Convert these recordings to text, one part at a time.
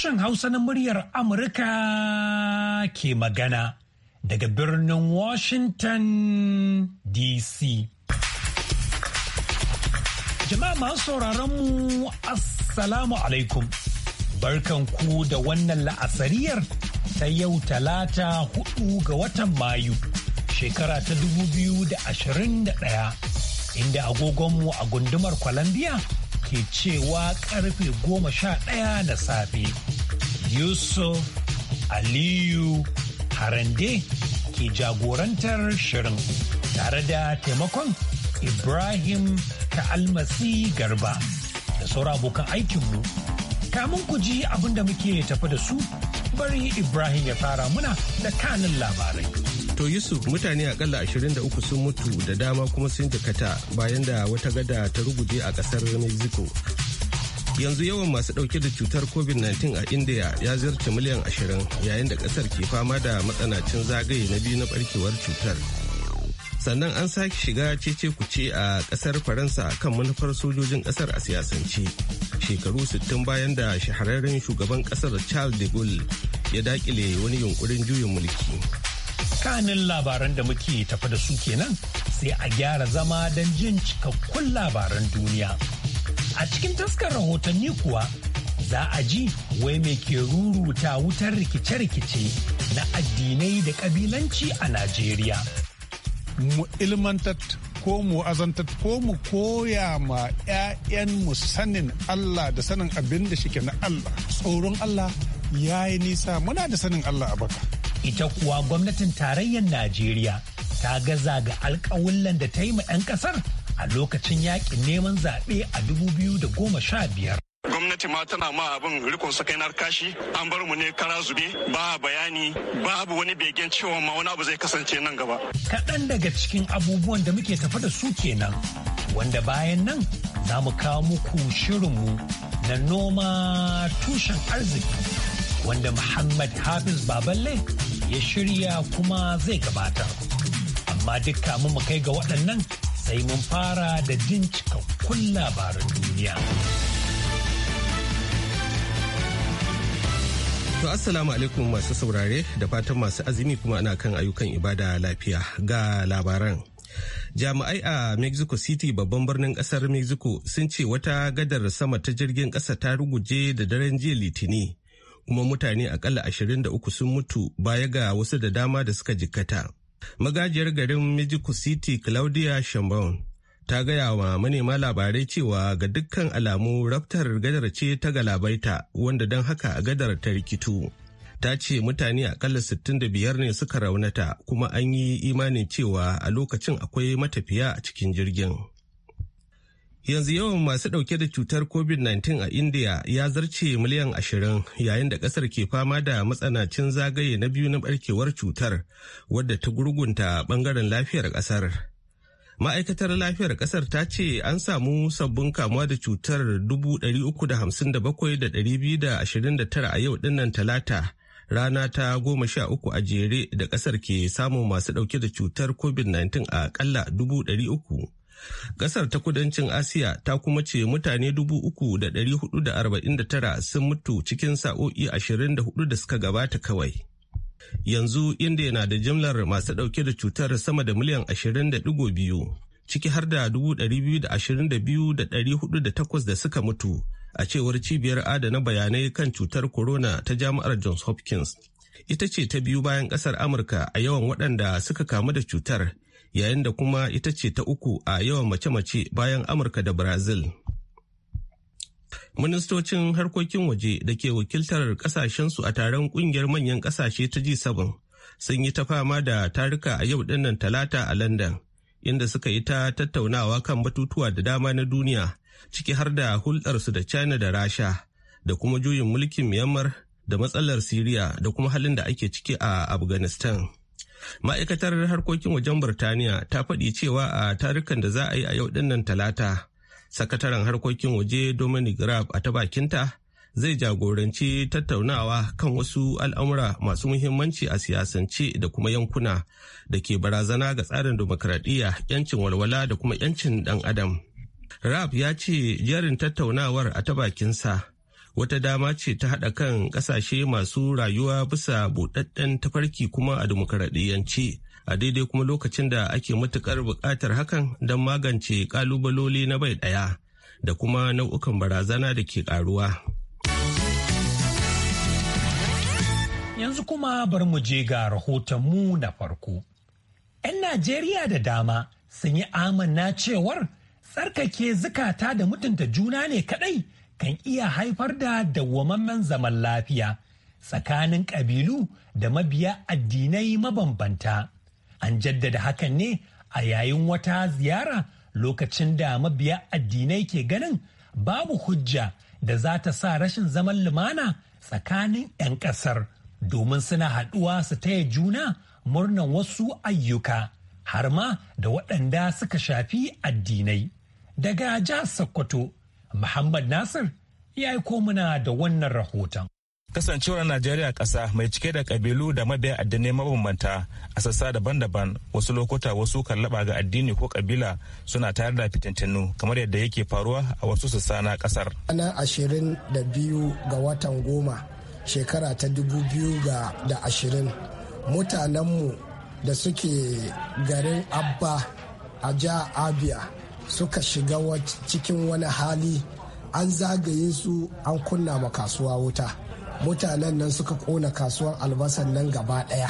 Sashen Hausa na muryar Amurka ke magana daga birnin Washington DC. Jama'a masu sauraron mu Assalamu alaikum. Barkan ku da wannan la'asariyar ta yau talata hudu ga watan Mayu, shekara ta 2021, inda agogonmu a gundumar kwalambiya. ke cewa karfe goma sha ɗaya da safe. Yusuf Aliyu Harande ke jagorantar shirin tare da taimakon Ibrahim Almasi Garba da saura abokan aikinmu. Kamun ku ji abinda muke tafi da su bari Ibrahim ya fara muna da kanin labarai. To Yusuf mutane akalla 23 sun mutu da dama kuma sun jikata bayan da wata gada ta ruguje a kasar Mexico. Yanzu yawan masu ɗauke da cutar COVID-19 a India ya ziyarci miliyan 20 yayin da ƙasar ke fama da matsanacin zagaye na biyu na barkewar cutar. Sannan an sake shiga cece kuce a ƙasar Faransa kan manufar sojojin ƙasar a siyasance. Shekaru 60 bayan da shahararren shugaban ƙasar Charles de Gaulle ya dakile wani yunkurin juyin mulki. tsakanin labaran da muke tafa da su kenan sai a gyara zama don jin cikakkun labaran duniya. A cikin taskar rahotanni kuwa za a ji wai mai ke ruruta wutar rikice-rikice na addinai da ƙabilanci a Najeriya. Mu ilmantar ko mu azantar ko mu koya ma 'ya'yan mu sanin Allah da sanin abin da shike na Allah. Tsoron Allah ya yi nisa muna da sanin Allah a baka. ita kuwa gwamnatin tarayyar najeriya ta gaza ga alkawullan da ta yi ma 'yan kasar a lokacin yakin neman zaɓe a 2015 gwamnati ma tana ma abin rikon sakainar kashi an bar mu ne kara zube ba bayani babu wani begen cewa ma wani abu zai kasance nan gaba kaɗan daga cikin abubuwan da muke tafa da su kenan wanda bayan nan za mu kawo muku shirinmu na noma tushen arziki wanda muhammad hafiz baballe ya shirya kuma zai gabata Amma duk mu mu kai ga waɗannan sai mun fara da jin cikakkun labaran duniya. To assalamu alaikum masu saurare da fatan masu azumi kuma ana kan ayyukan ibada lafiya ga labaran. Jami'ai a Mexico City babban birnin kasar Mexico sun ce wata gadar sama ta jirgin kasa ta ruguje da daren jiya litini kuma mutane akalla 23 sun mutu baya ga wasu da dama da suka jikkata. Magajiyar garin Mexico City Claudia Sheinbaum ta gaya wa manema labarai cewa ga dukkan alamu raftar gadar ce ta galabaita wanda don haka gadar ta rikitu. Ta ce mutane akalla biyar ne suka raunata kuma an yi imanin cewa a lokacin akwai matafiya a cikin jirgin. yanzu yawan masu ɗauke da cutar covid-19 a india ya zarce miliyan ashirin yayin da ƙasar ke fama da matsanancin zagaye na biyu na barkewar cutar wadda ta gurgunta bangaren lafiyar ƙasar ma'aikatar lafiyar ƙasar ta ce an samu sabbin kamuwa da cutar 357,229 a yau dinnan talata rana ta goma sha uku a jere da kasar ke samun masu dauke da cutar covid-19 a akalla dubu Ƙasar ta kudancin Asiya ta kuma ce mutane 3,449 sun mutu cikin sa'o'i 24 da suka gabata kawai. Yanzu India na da jimlar masu ɗauke da cutar sama da miliyan 20.2 ciki har da 222,408 da suka mutu a cewar cibiyar adana bayanai kan cutar corona ta jami'ar Johns Hopkins. Ita ce ta biyu bayan ƙasar Amurka a yawan waɗanda suka kamu da cutar yayin da kuma ita ce ta uku a yawan mace-mace bayan amurka da brazil ministocin harkokin waje da ke wakiltar kasashensu a taron kungiyar manyan kasashe ta g7 sun yi ta fama da taruka a yau dinnan talata a london inda suka yi ta tattaunawa kan batutuwa da dama na duniya ciki har da hulɗarsu da china da rasha da kuma juyin mulkin myanmar da matsalar Siriya da kuma halin da ake ciki a Afghanistan. ma'aikatar harkokin wajen burtaniya ta faɗi cewa a tarukan da za a yi a yau dinnan talata sakataren harkokin waje dominic grab a ta bakinta zai jagoranci tattaunawa kan wasu al'amura masu muhimmanci a siyasance da kuma yankuna da ke barazana ga tsarin demokradiyya yancin walwala da kuma yancin ɗan adam rap ya ce jerin tattaunawar a ta bakinsa wata dama ce ta haɗa kan ƙasashe masu rayuwa bisa buɗaɗɗen tafarki kuma a dimokuraɗiyyance a daidai kuma lokacin da ake matuƙar buƙatar hakan don magance ƙalubaloli na bai ɗaya da kuma nau'ukan barazana da ke ƙaruwa. Yanzu kuma bar mu je ga rahotonmu na farko. 'Yan Najeriya da dama sun yi amanna cewar tsarkake zukata da mutunta juna ne kaɗai. kan iya haifar da dawwamammen zaman lafiya tsakanin ƙabilu da mabiya addinai mabambanta. An jaddada hakan ne a yayin wata ziyara lokacin da mabiya addinai ke ganin babu hujja da za ta sa rashin zaman lumana tsakanin 'yan ƙasar domin suna haɗuwa su taya juna murnan wasu ayyuka har ma da waɗanda suka shafi addinai. Daga jihar Sokoto Muhammad Nasir ya aiko muna da wannan rahoton. Kasancewar Najeriya ƙasa mai cike da ƙabilu da mabiya addinai mabambanta a sassa daban-daban wasu lokuta wasu kallaba ga addini ko ƙabila suna tare da fitintinu kamar yadda yake faruwa a wasu sassa na ƙasar. Ana ashirin da biyu ga watan goma shekara ta dubu biyu ga da ashirin mutanenmu da suke garin Abba a ja Abia suka shiga cikin wani hali an zagaye su an kunna ma kasuwa wuta mutanen nan suka kona kasuwan albasan nan gaba daya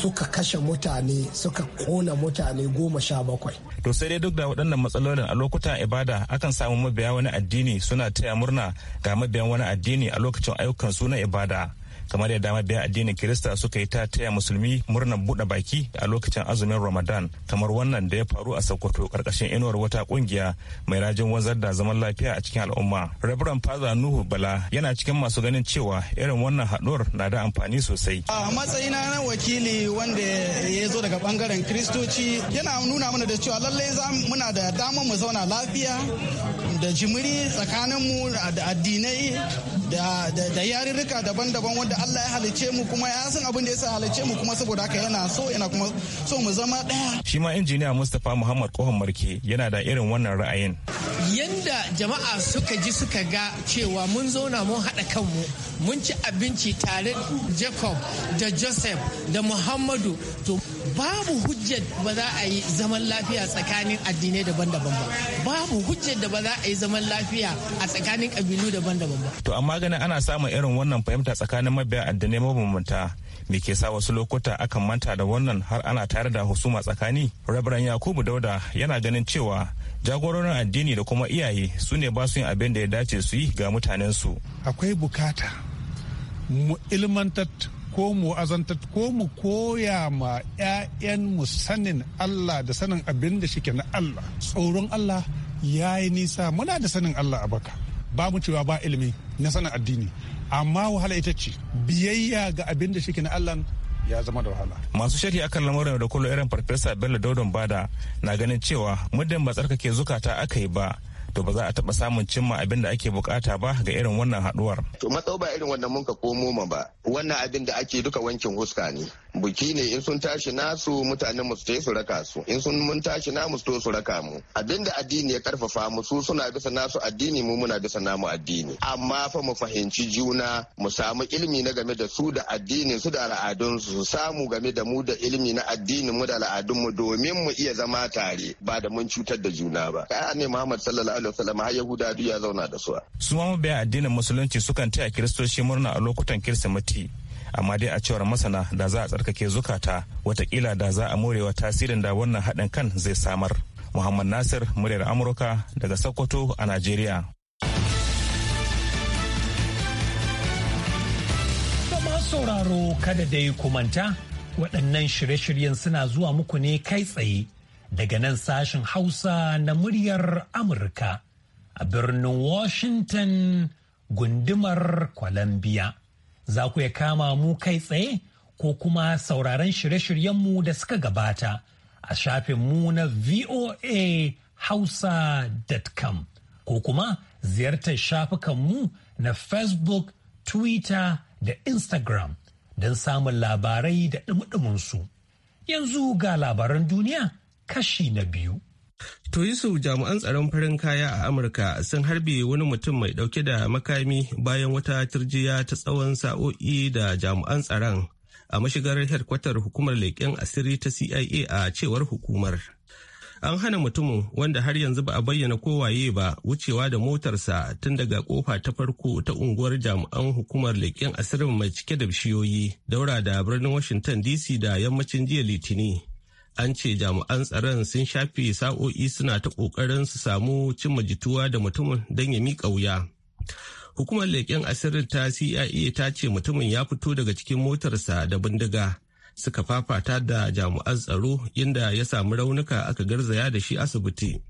suka kashe mutane suka kona mutane goma sha bakwai. To sai dai duk da waɗannan matsalolin a lokutan ibada akan samu mabiya wani addini suna taya murna ga mabiyan wani addini a lokacin ayyukan su na ibada. kamar yadda mabiya addinin kirista suka yi ta taya musulmi murnar buɗe baki a lokacin azumin ramadan kamar wannan da ya faru a sokoto karkashin inuwar wata kungiya mai rajin wanzar da zaman lafiya a cikin al'umma reverend father nuhu bala yana cikin masu ganin cewa irin wannan haɗuwar na da amfani sosai a matsayina na wakili wanda ya zo daga bangaren kiristoci yana nuna mana da cewa lallai muna da damar mu zauna lafiya da jimiri tsakaninmu da addinai da yarirrika daban-daban wanda Allah ya halice mu kuma ya san abin da ya sa halice mu kuma saboda haka yana so yana kuma so mu zama daya. Shi ma injiniya Mustapha Muhammad Kohon Marke yana da irin wannan ra'ayin. Yanda jama'a suka ji suka ga cewa mun zauna mun haɗa kanmu mun ci abinci tare Jacob da Joseph da Muhammadu to babu hujjar ba za a yi zaman lafiya tsakanin addinai daban-daban ba babu hujjar da ba za a yi zaman lafiya a tsakanin kabilu daban-daban ba to amma ganin ana samun irin wannan fahimta tsakanin mabiya addinai mabambanta me ke sa wasu lokuta akan manta da wannan har ana tare da husuma tsakani rabaran yakubu dauda yana ganin cewa jagororin addini da kuma iyaye su ne ba su yin abin da ya dace su yi ga mutanensu akwai bukata mu ilmantar ko mu azantar ko mu koya ma 'ya'yanmu sanin Allah da sanin abin da shike na Allah tsoron Allah ya yi nisa muna da sanin Allah a baka ba mu cewa ba ilimi na sanin addini amma wahala ita ce biyayya ga abin da shike na Allah ya zama da wahala. Masu shari'a akan lamarin da kullum irin Farfesa Bello Daudon Bada na ganin cewa muddin ba tsarkake zukata aka yi ba to ba za a taɓa samun cimma abin da ake bukata ba ga irin wannan haɗuwar. To matsau ba irin wannan mun ka komo ma ba wannan abin da ake duka wankin huska ne. buki ne in sun tashi nasu mutanen mu su su raka su in sun mun tashi namu su su raka mu abinda addini ya karfafa mu su suna bisa nasu addini mu muna bisa namu addini amma fa mu fahimci juna mu samu ilimi na game da su da addinin su da al'adun su samu game da mu da ilimi na addinin mu da al'adun mu domin mu iya zama tare ba da mun cutar da juna ba kai ne Muhammad sallallahu alaihi wasallam har Yahuda ya zauna da su su ma bai addinin musulunci sukan taya kiristoci murna a lokutan kirsimati amma dai a cewar masana da za a tsarkake zukata watakila da za a morewa tasirin da wannan haɗin kan zai samar muhammad nasir muryar amurka daga sokoto a najeriya sauraro kada dai kumanta waɗannan shirye-shiryen suna zuwa muku ne kai tsaye daga nan sashen hausa na muryar amurka a birnin washington gundumar columbia za ku ya kama mu kai tsaye ko kuma sauraron shirye-shiryenmu da suka gabata a shafin mu na voa hausa.com ko kuma ziyartar shafukanmu na facebook twitter da instagram don samun labarai da ɗumɗuminsu yanzu ga labaran duniya kashi na biyu To Yusuf jami'an tsaron farin kaya a Amurka sun harbe wani mutum mai dauke da makami bayan wata turjiya ta tsawon sa'o'i da jami'an tsaron a mashigar hedkwatar hukumar leƙen asiri ta CIA a cewar hukumar. An hana mutumin wanda har yanzu ba a bayyana kowaye ba wucewa da motarsa tun daga kofa ta farko ta unguwar jami'an hukumar leƙen asirin mai cike da bishiyoyi daura da birnin Washington DC da yammacin jiya Litini. an ce jami'an tsaron sun shafe sa'o'i suna ta ƙoƙarin su samu cimma jituwa da mutumin don ya miƙa wuya hukumar leƙen asirin ta cia ta ce mutumin ya fito daga cikin motarsa da bindiga suka fafata da jami'an tsaro inda ya samu raunuka aka garzaya da shi asibiti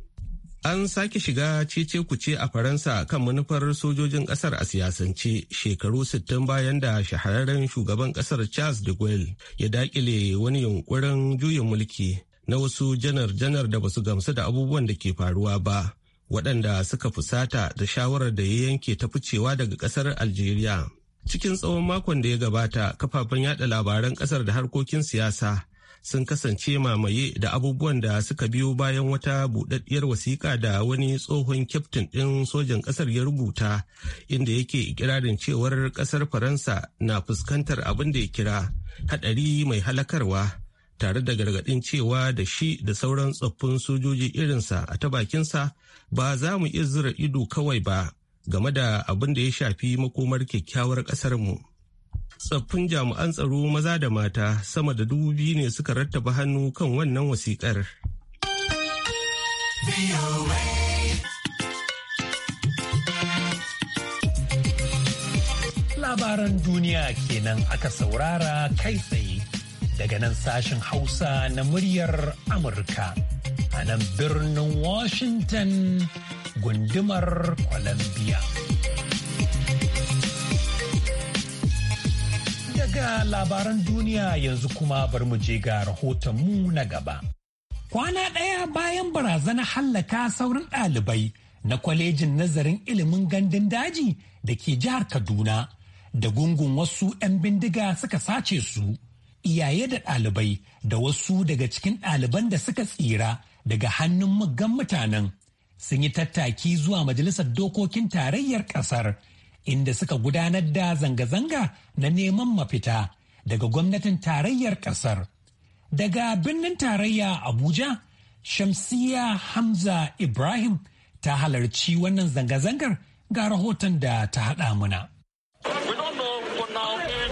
An sake shiga cece kuce a Faransa kan manufar sojojin kasar a siyasance shekaru 60 bayan da shahararren shugaban kasar Charles de Gaulle ya dakile wani yunkurin juyin mulki na wasu janar-janar da basu gamsu da abubuwan da ke faruwa ba, waɗanda suka fusata da shawarar da ya yanke ta ficewa daga ƙasar Algeria. Cikin tsawon makon da ya gabata, kafafen yada labaran ƙasar da harkokin siyasa sun kasance mamaye da abubuwan da suka biyo bayan wata budaddiyar wasiƙa da wani tsohon kyaftin ɗin sojan ƙasar ya rubuta inda yake ikirarin cewar ƙasar faransa na fuskantar abin da ya kira haɗari mai halakarwa tare da gargaɗin cewa da shi da sauran tsoffin sojoji irinsa a ta bakinsa ba za mu iya zura ido kawai ba game da abin da ya shafi makomar kyakkyawar ƙasarmu. mu. tsaffin jami'an tsaro maza da mata sama da dubu biyu ne suka rattaba hannu kan wannan wasiƙar. Labaran duniya kenan aka saurara kai tsaye daga nan sashen Hausa na muryar Amurka a nan birnin Washington gundumar Columbia. ga labaran duniya yanzu kuma bar mu je ga mu na gaba. Kwana ɗaya bayan barazana hallaka saurin ɗalibai na kwalejin nazarin ilimin gandun daji da ke jihar Kaduna da gungun wasu 'yan bindiga suka sace su. Iyaye da ɗalibai da wasu daga cikin ɗaliban da suka tsira daga hannun muggan mutanen sun yi tattaki zuwa majalisar dokokin tarayyar ƙasar inda suka gudanar da zanga-zanga na neman mafita daga gwamnatin tarayyar ƙasar. Daga birnin tarayya Abuja, Shamsiya Hamza Ibrahim ta halarci wannan zanga-zangar ga rahoton da ta haɗa muna.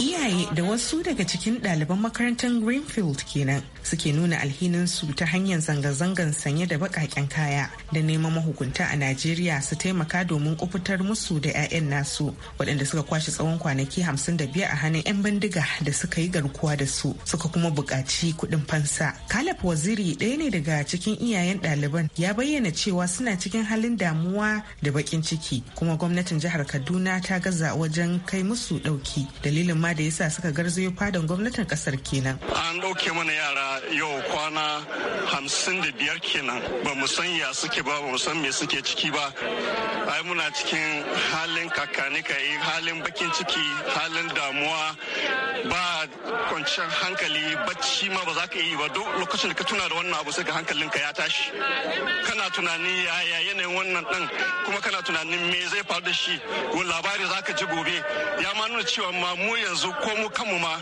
Iyaye da wasu daga cikin ɗaliban makarantar Greenfield kenan suke nuna alhininsu ta hanyar zanga-zangan sanye da baƙaƙen kaya da neman mahukunta a Najeriya su taimaka domin kufutar musu da 'ya'yan nasu waɗanda suka kwashe tsawon kwanaki 55 a hannun 'yan bindiga da suka yi garkuwa da su suka kuma buƙaci kuɗin fansa. Kalaf Waziri ɗaya ne daga cikin iyayen ɗaliban ya bayyana cewa suna cikin halin damuwa da baƙin ciki kuma gwamnatin jihar Kaduna ta gaza wajen kai musu ɗauki dalilin ma da yasa suka garzayo fadan gwamnatin ƙasar kenan. An ɗauke mana yara yau kwana hamsin da biyar kenan ba mu san ya suke ba ba mu san me suke ciki ba ai muna cikin halin kakanika halin bakin ciki halin damuwa ba kwanciyar hankali bacci ma ba za ka yi ba duk lokacin da ka tuna da wannan abu sai ka hankalinka ya tashi kana tunanin ya yanayin wannan din kuma kana tunanin me zai faru da shi ko labari za ka ji gobe ya ma nuna cewa ma mu yanzu ko mu kanmu ma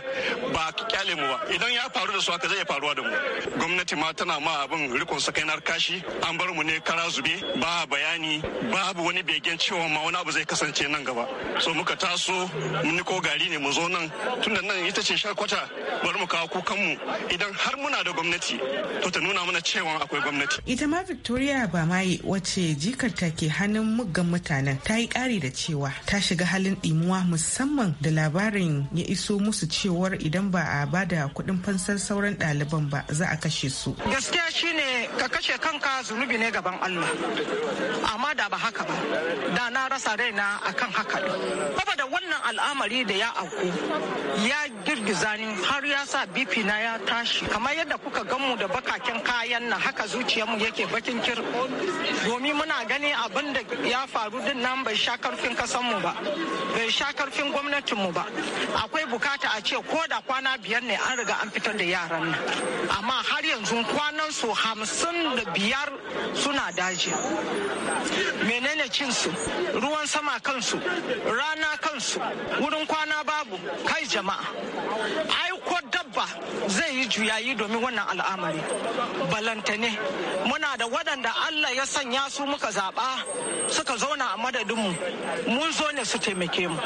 ba ka kyale mu ba idan ya faru da su haka zai faru faruwa da mu gwamnati ma tana ma abin rikon sakainar kashi an bar mu ne kara zube ba bayani babu wani begen cewa ma wani abu zai kasance nan gaba so muka taso mun ko gari ne mu zo nan tunda nan ita ce sharkwata bari mu kawo kukan mu idan har muna da gwamnati to ta nuna mana cewa akwai gwamnati ita ma victoria ba mai wacce jikarta ke hannun muggan mutanen ta yi kari da cewa ta shiga halin ɗimuwa musamman da labarin ya iso musu cewar idan ba a bada kuɗin fansar sauran ɗalibai daban ba za a kashe su gaskiya shine ka kashe kanka zunubi ne gaban allah amma da ba haka ba da na rasa raina akan haka da wannan al'amari da ya auku ya girgiza ni har ya sa bp na ya tashi kamar yadda kuka gan mu da bakakin kayan na haka zuciyar mu yake bakin kir domin muna gani abin da ya faru din nan bai sha karfin mu ba bai sha karfin mu ba akwai bukata a ce ko da kwana biyar ne an riga an fitar da yaran nan amma har yanzu kwanan su hamsin da biyar suna daji menene cinsu ruwan sama kansu rana kansu wurin kwana babu kai jama'a ai abba zai yi juyayi domin wannan al'amari balantane muna da waɗanda allah ya sanya su muka zaɓa suka zauna a madadinmu mun zo ne su taimake mu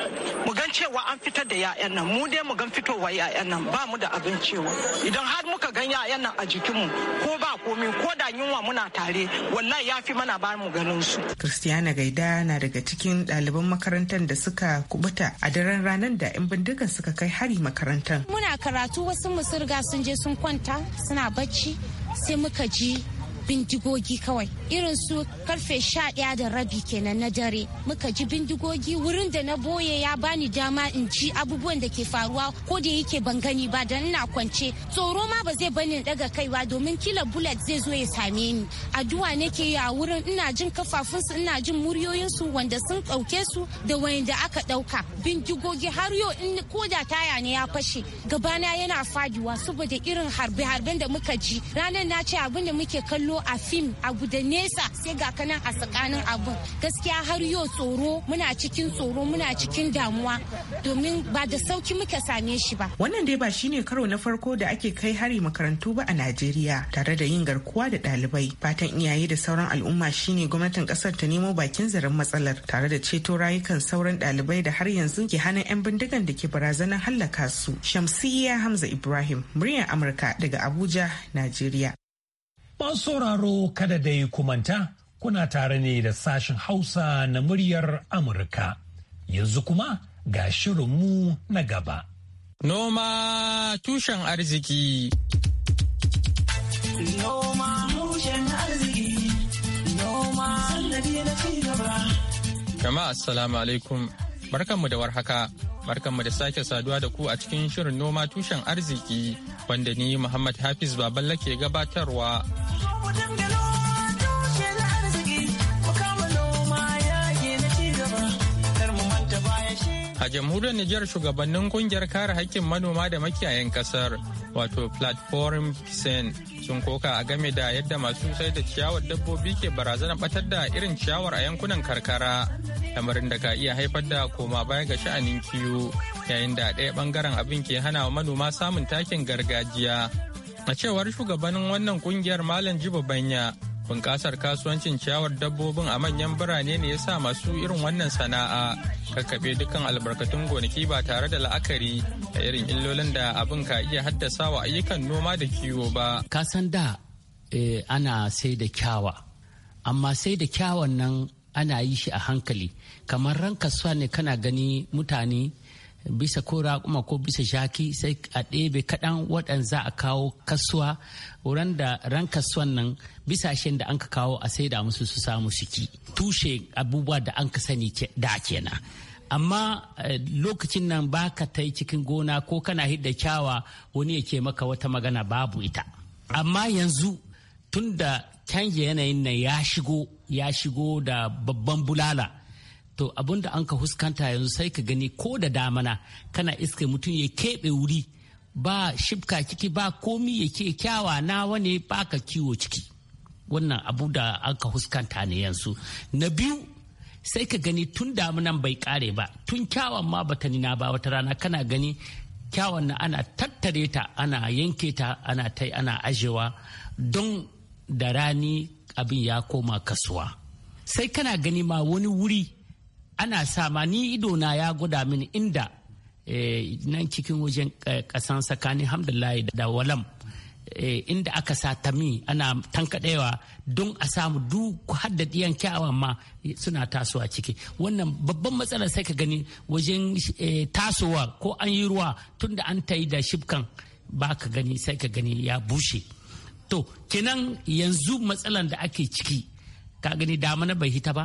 mu gan cewa an fitar da 'ya'yan nan mu dai mu gan fitowa 'ya'yan nan ba mu da abin cewa idan har muka gan 'ya'yan nan a jikin mu ko ba komi ko da yunwa muna tare wallahi ya fi mana ba mu ganin su Christiana Gaida na daga cikin ɗaliban makarantar da suka kubuta a daren ranar da 'yan bindigan suka kai hari makarantar muna karatu wasu mu sun riga sun je sun kwanta suna bacci sai muka ji bindigogi kawai irin su karfe sha ɗaya da rabi kenan na dare muka ji bindigogi wurin da na boye ya bani dama in ji abubuwan da ke faruwa ko da yake ban gani ba dan ina kwance tsoro ma ba zai bani daga kaiwa domin kila bullet zai zo ya same ni addu'a nake yi a wurin ina jin kafafunsu ina jin muryoyinsu wanda sun ɗauke su da wayanda aka ɗauka bindigogi har yau in ko da taya ne ya fashe gabana yana faduwa saboda irin harbe-harben da muka ji ranar na ce abin da muke kallo a fim a guda nesa sai ga kanan a tsakanin abu gaskiya har yau tsoro muna cikin tsoro muna cikin damuwa domin ba da sauki muka same shi ba wannan dai ba shine karo na farko da ake kai hari makarantu ba a Najeriya tare da yin garkuwa da ɗalibai fatan iyaye da sauran al'umma shine gwamnatin kasar ta nemo bakin zaren matsalar tare da ceto rayukan sauran ɗalibai da har yanzu ke hana 'yan bindigan da ke barazanar hallaka su shamsiyya hamza ibrahim muryar amurka daga abuja najeriya ban sauraro kada dai kumanta kuna tare ne da sashen Hausa na muryar Amurka. Yanzu kuma ga shirinmu na gaba. Noma tushen arziki. Noma tushen arziki. Noma na ci gaba. Jama'a assalamu alaikum. Barkanmu da warhaka, barkanmu da sake saduwa da ku a cikin shirin noma tushen arziki wanda ni Muhammad Hafiz Baballa ke gabatarwa. A jamhuriyar Nijar shugabannin kungiyar kare haƙƙin manoma da makiyayan ƙasar wato Platform Sen sun koka a game da yadda masu sai da ciyawar dabbobi ke barazanar batar da irin ciyawar a yankunan karkara lamarin da ka iya haifar da koma baya ga sha'anin kiwo yayin da ɗaya ɓangaren abin ke hana wa manoma samun takin gargajiya a cewar shugabanin wannan kungiyar malam jibo banya bunƙasar kasuwancin ciyawar dabbobin a manyan birane ne ya sa masu irin wannan sana'a kakkaɓe dukkan albarkatun gonaki ba tare da la'akari a irin illolin da abin ka iya haddasa wa ayyukan noma da kiwo ba. Ka san da eh, ana sai da kyawa, amma sai da kyawan nan ana yi shi a hankali. Kamar ranka ne kana gani mutane bisa ko raƙuma ko bisa shaki sai a ɗebe kaɗan waɗanda za a kawo kasuwa wurin da ran kasuwan nan bisa bisashen da an ka kawo a sai da musu su samu siki tushe abubuwa da an ka sani da kenan amma eh, lokacin nan ba ka ta yi cikin gona ko kana hidda kyawa wani ya ke maka wata magana babu ita amma yanzu tun da canja yanayin nan ya shigo ya shigo da babban bulala to abin da an ka huskanta yanzu sai ka gani ko da damana kana iska mutum ya keɓe wuri ba shifka ciki ba komi ya ke kyawa na wani baka kiwo ciki wannan abu da an ka huskanta ne yanzu na biyu sai ka gani tun damunan bai kare ba tun kyawan ma bata nina ba wata rana kana gani kyawan na ana tattare ta ana yanke ta ana tai ana ajewa don da rani abin ya koma kasuwa sai kana gani ma wani wuri ana sa ma ni na ya gwada mini inda eh, nan cikin wajen kasan eh, tsakanin hamdullahi da walam eh, inda aka sa tami ana tankaɗewa don a samu duk haddadiyan kyawawan ma suna tasowa ciki wannan babban matsalar sai ka gani wajen tasowa ko an yi ruwa tunda an ta yi da shifkan ba ka gani sai ka gani ya bushe to kenan yanzu matsalar da ake ciki ka gani dama na bai hita ba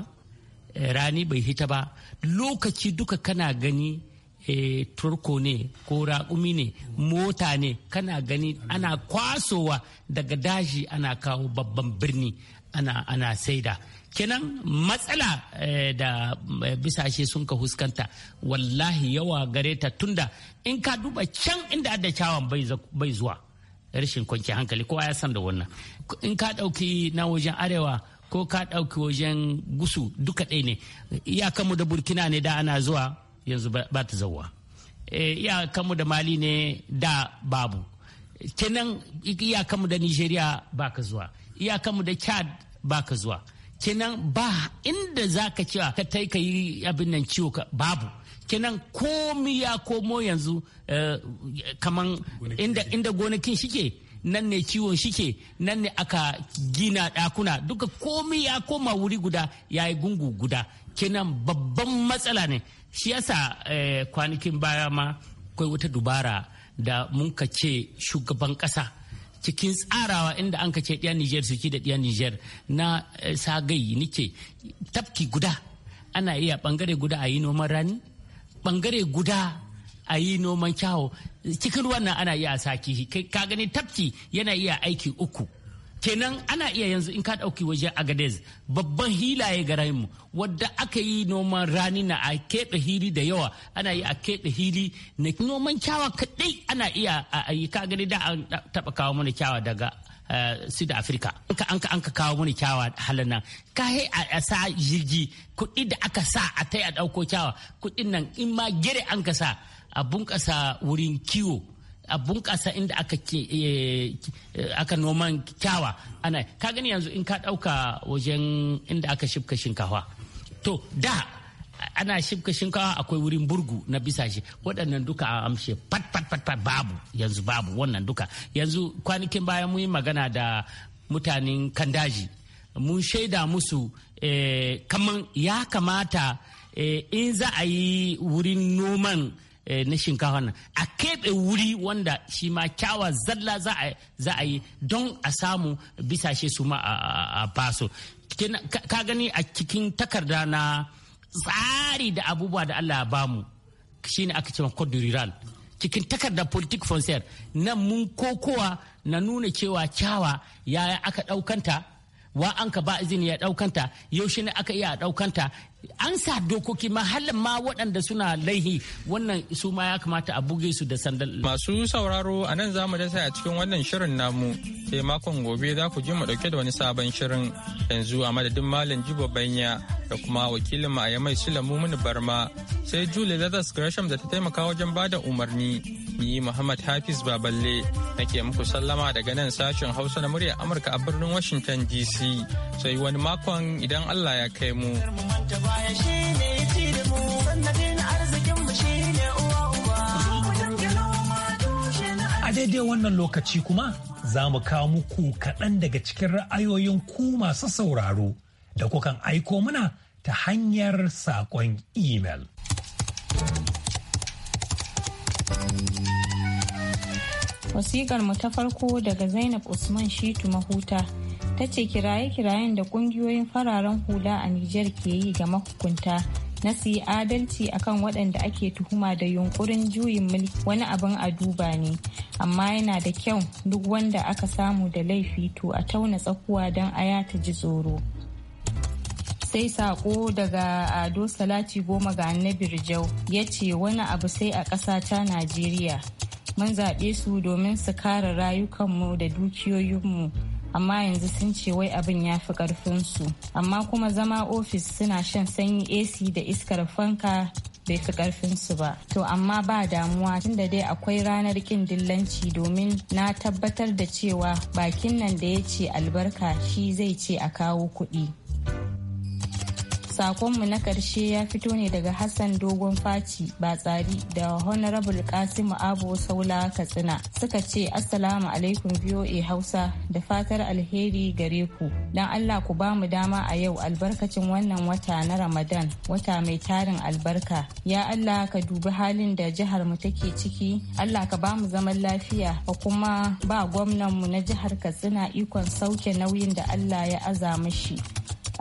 rani bai hita ba lokaci duka kana gani e, turko ne ko raƙumi ne mota ne kana gani ana kwasowa daga daji ana kawo babban birni ana, ana saida kenan matsala e, da e, bisashe sun ka huskanta wallahi yawa gare ta tunda in ka duba can inda da cawan bai zuwa rashin kwanci hankali kowa ya san da wannan in ka ɗauki na wajen arewa ko ka ɗauki wajen gusu duka ɗaya ne iyakanmu da burkina ne da ana zuwa yanzu ba ta zauwa eh, iyakanmu da mali ne da babu kenan iyakanmu da nigeria ba ka zuwa iyakanmu da chad ba ka zuwa kenan ba inda za ka cewa ka tai yi abin nan ciwo babu kenan komi ya komo yanzu eh, kaman inda gonakin shike nan ne kiwon shike nan ne aka gina ɗakuna duka komai ya koma wuri guda ya yi gungu guda kenan babban matsala ne shi yasa eh, kwanakin baya ma kai wata dubara da mun ka ce shugaban ƙasa cikin tsarawa inda an ka ce ɗiyan niger suke da ɗiyan niger na eh, sagai nike tafki guda ana iya ɓangare guda a yi noman rani ɓangare guda a yi noman kyawo cikin wannan ana iya saki ka gani tafki yana iya aiki uku kenan ana iya yanzu in ka ɗauki waje agadez babban hilaye ga mu wadda aka yi noman rani na a keɓe hili da yawa ana yi a keɓe hili na noman kyawa kaɗai ana iya a yi ka gani da an taɓa kawo mana kyawa daga Uh, eh, South An ka kawo mana kyawa halin nan. Ka hai a sa jirgi kuɗi da aka sa a ta yi a ɗauko kyawa kuɗin nan in ma gere an ka sa a bunƙasa wurin kiwo a bunƙasa inda aka ke eh, aka noman kyawa ana ka gani yanzu in ka ɗauka wajen inda aka shifka shinkafa to da ana shifka shinkawa akwai wurin burgu na bisa shi waɗannan duka a amshe pat pat pat pat babu yanzu babu wannan duka yanzu kwanakin bayan mun yi magana da mutanen kandaji mun shaida musu eh, kaman ya kamata eh, in za a yi wurin noman Eh, na shinkafa nan a keɓe wuri wanda shi ma kyawa zalla za a yi don a samu bisashe su ma a baso ka gani a cikin takarda na tsari da abubuwa da Allah ya bamu Shi ne aka ce rural cikin takardar politik foncer nan mun kokowa na nuna cewa kyawa yaya aka ɗaukanta wa an ka ba izini ya ɗaukanta yaushe ne aka iya ɗaukanta an sa dokoki ma halin ma waɗanda suna laihi wannan su ma ya kamata a buge su da sandal. Masu sauraro a nan zamu dasa a cikin wannan shirin namu sai makon gobe za ku ji mu ɗauke da wani sabon shirin yanzu a madadin Malam Jibo Banya da kuma wakilin mu a yamai Sulamu Mumuni Barma sai Julie Leathers Gresham da ta taimaka wajen bada umarni ni Muhammad Hafiz Baballe nake muku sallama daga nan sashen Hausa na murya Amurka a birnin Washington DC sai wani makon idan Allah ya kai mu. A daidai wannan lokaci kuma za mu kawo muku kaɗan daga cikin ra'ayoyin ku masu sauraro da kukan aiko mana ta hanyar saƙon imel. Wasikar mu ta farko daga Zainab Usman Shitu Mahuta ta ce kiraye-kirayen da kungiyoyin fararen hula a Nijar ke yi ga mahukunta na siyi adalci akan waɗanda ake tuhuma da yunkurin juyin mulki wani abin a duba ne amma yana da kyau duk wanda aka samu da laifi to a tauna tsakuwa don a ya ta ji tsoro. sai sako daga ado salati goma ga annabi rijau ya ce wani abu sai a ƙasa ta najeriya mun zaɓe su domin su kare rayukanmu da dukiyoyinmu amma yanzu sun ce wai abin ya fi ƙarfinsu amma kuma zama ofis suna shan sanyi ac da iskar fanka bai fi ƙarfinsu ba to amma ba damuwa tunda dai akwai ranar kin dillanci domin na tabbatar da cewa bakin nan da ya ce albarka shi zai ce a kawo kuɗi Sakonmu na ƙarshe ya fito ne daga Hassan Dogon Faci Batsari da Honorable Kasimu Abo Saula Katsina suka ce Assalamu alaikum VOA Hausa da fatar alheri gare ku. Don Allah ku ba mu dama a yau albarkacin wannan wata na Ramadan wata mai tarin albarka. Ya Allah ka dubi halin da jihar mu take ciki. Allah ka ba mu zaman lafiya ka kuma ba gwamnan mu na jihar Katsina ikon sauke nauyin da Allah ya aza mishi.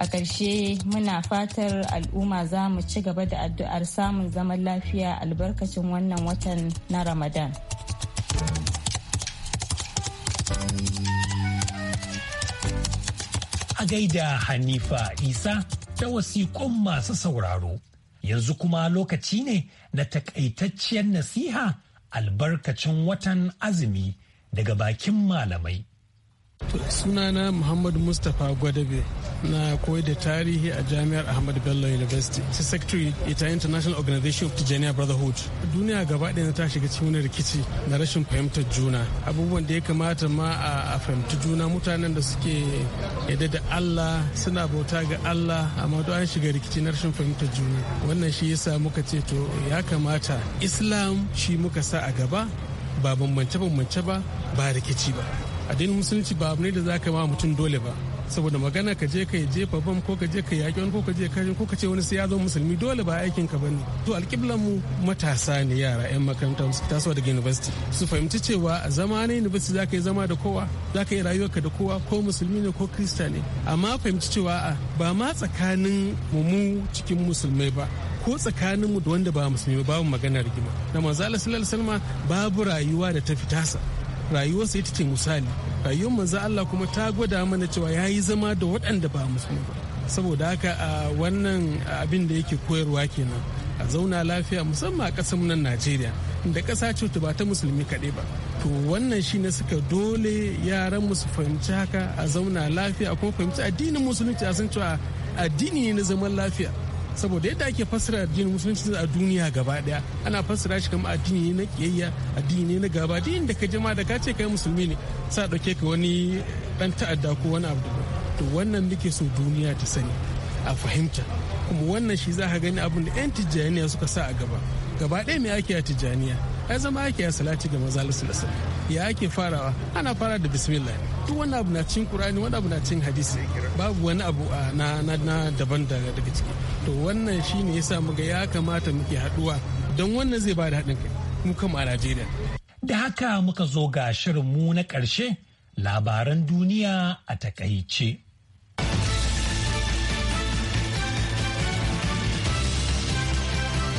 a ƙarshe muna fatar al'umma za mu ci gaba da addu'ar samun zaman lafiya albarkacin wannan watan na ramadan a gaida hanifa isa ta wasiƙun masu sauraro yanzu kuma lokaci ne na takaitacciyar nasiha albarkacin watan azumi daga bakin malamai sunana muhammad mustapha gwadabe na koyar da tarihi a jami'ar ahmad bello university ta secretary ita international organization of tijaniya brotherhood duniya gaba ɗaya ta shiga cikin rikici na rashin fahimtar juna abubuwan da ya kamata ma a fahimci juna mutanen da suke yadda da allah suna bauta ga allah amma duk an shiga rikici na rashin fahimtar juna wannan shi yasa muka ce to ya kamata islam shi muka sa a gaba ba bambance-bambance ba ba rikici ba addinin musulunci ba abu ne da za ka ma mutum dole ba saboda magana ka je ka yi jefa bam ko ka je ka yaƙi wani ko ka je kajin ko ka ce wani sai ya musulmi dole ba aikin ka bane to alƙiblan mu matasa ne yara yan makaranta su taso daga university su fahimci cewa a zama na university ka yi zama da kowa za ka yi rayuwarka da kowa ko musulmi ne ko krista ne amma fahimci cewa ba ma tsakanin mu cikin musulmai ba ko tsakanin tsakaninmu da wanda ba musulmi ba babu magana rigima da manzo Allah sallallahu alaihi babu rayuwa da ta fitasa rayuwarsa ita ce misali rayuwar manzo Allah kuma ta gwada mana cewa ya yi zama da waɗanda ba musulmi ba saboda haka a wannan abin da yake koyarwa kenan a zauna lafiya musamman a ƙasar nan Najeriya inda ƙasa ce ba ta musulmi kaɗai ba to wannan shi ne suka dole yaran musu fahimci haka a zauna lafiya ko fahimci addinin musulunci a san cewa addini ne na zaman lafiya saboda yadda ake fassara addinin musulunci a duniya gaba daya ana fassara shi kamar addini ne na kiyayya addini ne na gaba addinin da ka jama da ka ce kai musulmi ne sa dauke ka wani dan ta'adda ko wani abu to wannan nake so duniya ta sani a fahimta kuma wannan shi za ka gani abin da yan tijjaniya suka sa a gaba gaba ɗaya me ake a tijjaniya ai zama ake a salati ga maza alisu da ya ake farawa ana fara da bismillah duk wani abu na cin kurani wani abu na cin hadisi babu wani abu na na daban daga ciki to wannan shine yasa muga ya kamata muke haduwa don wannan zai ba da haɗin kai mu kama a Najeriya da haka muka zo ga mu na ƙarshe labaran duniya a takaice.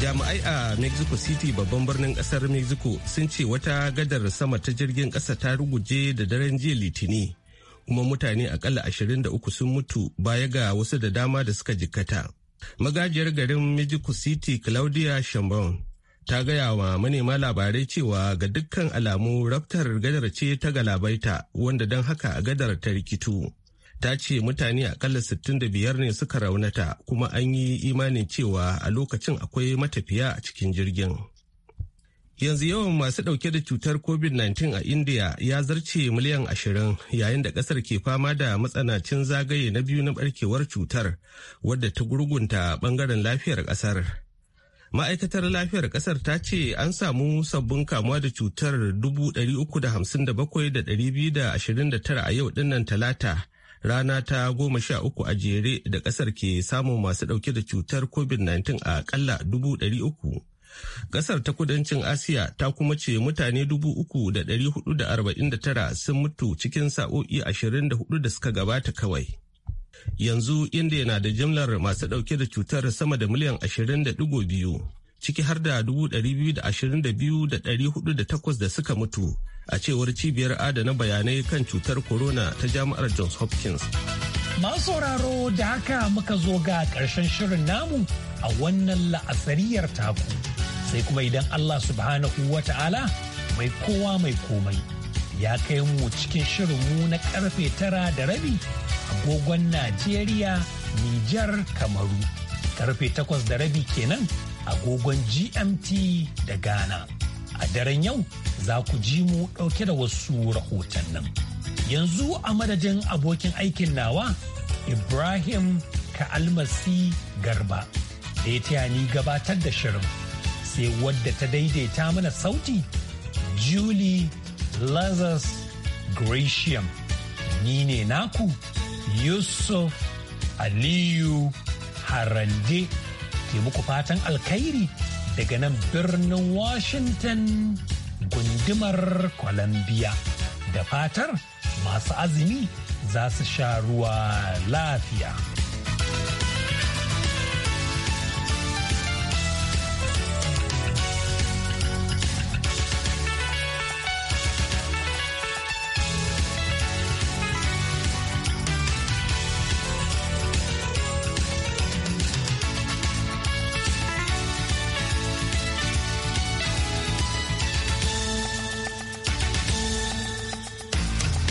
jami'ai a mexico city babban birnin kasar mexico sun ce wata gadar sama ta jirgin kasa ta ruguje da daren jiya litini kuma mutane akalla 23 sun mutu baya ga wasu da dama da suka jikkata magajiyar garin mexico city claudia shambon ta gaya wa manema labarai cewa ga dukkan alamu raftar gadar ce ta galabaita wanda don haka gadar ta rikitu ta ce mutane akalla biyar ne suka raunata kuma an yi imanin cewa a lokacin akwai matafiya a cikin jirgin. Yanzu yawan masu ɗauke da cutar COVID-19 a India ya zarce miliyan ashirin, yayin da ƙasar ke fama da matsanancin zagaye na biyu na ɓarkewar cutar wadda ta gurgunta ɓangaren lafiyar ƙasar. ma'aikatar lafiyar ƙasar ta ce an samu sabbin kamuwa da cutar 357,229 a yau dinnan talata rana ta goma sha uku a jere da kasar ke samun masu dauke da cutar covid-19 a akalla dubu ɗari uku kasar ta kudancin asiya ta kuma ce mutane dubu uku da ɗari hudu da arba'in da tara sun mutu cikin sa'o'i ashirin da hudu da suka gabata kawai yanzu india na da jimlar masu dauke da cutar sama da miliyan ashirin da digo biyu ciki har da dubu ɗari biyu da ashirin da biyu da ɗari hudu da takwas da suka mutu a cewar cibiyar adana bayanai kan cutar corona ta jami'ar johns hopkins masu sauraro da haka muka zo ga ƙarshen shirin namu a wannan la'asariyar taku sai kuma idan allah subhanahu wa ta'ala mai kowa mai komai ya kai mu cikin shirin mu na karfe tara da rabi agogon najeriya nijar kamaru karfe takwas da rabi kenan agogon gmt da ghana a daren yau za ku ji mu ɗauke da wasu rahotannin. Yanzu a madadin abokin aikin nawa Ibrahim Ka'almasi Garba da ya taya ni gabatar da shirin sai wadda ta daidaita mana sauti Julie Lazarus Gratiam. Ni ne naku Yusuf Aliyu Harande ke muku fatan alkhairi daga nan birnin Washington gundumar Columbia. Da fatar masu azumi za su sha ruwa lafiya.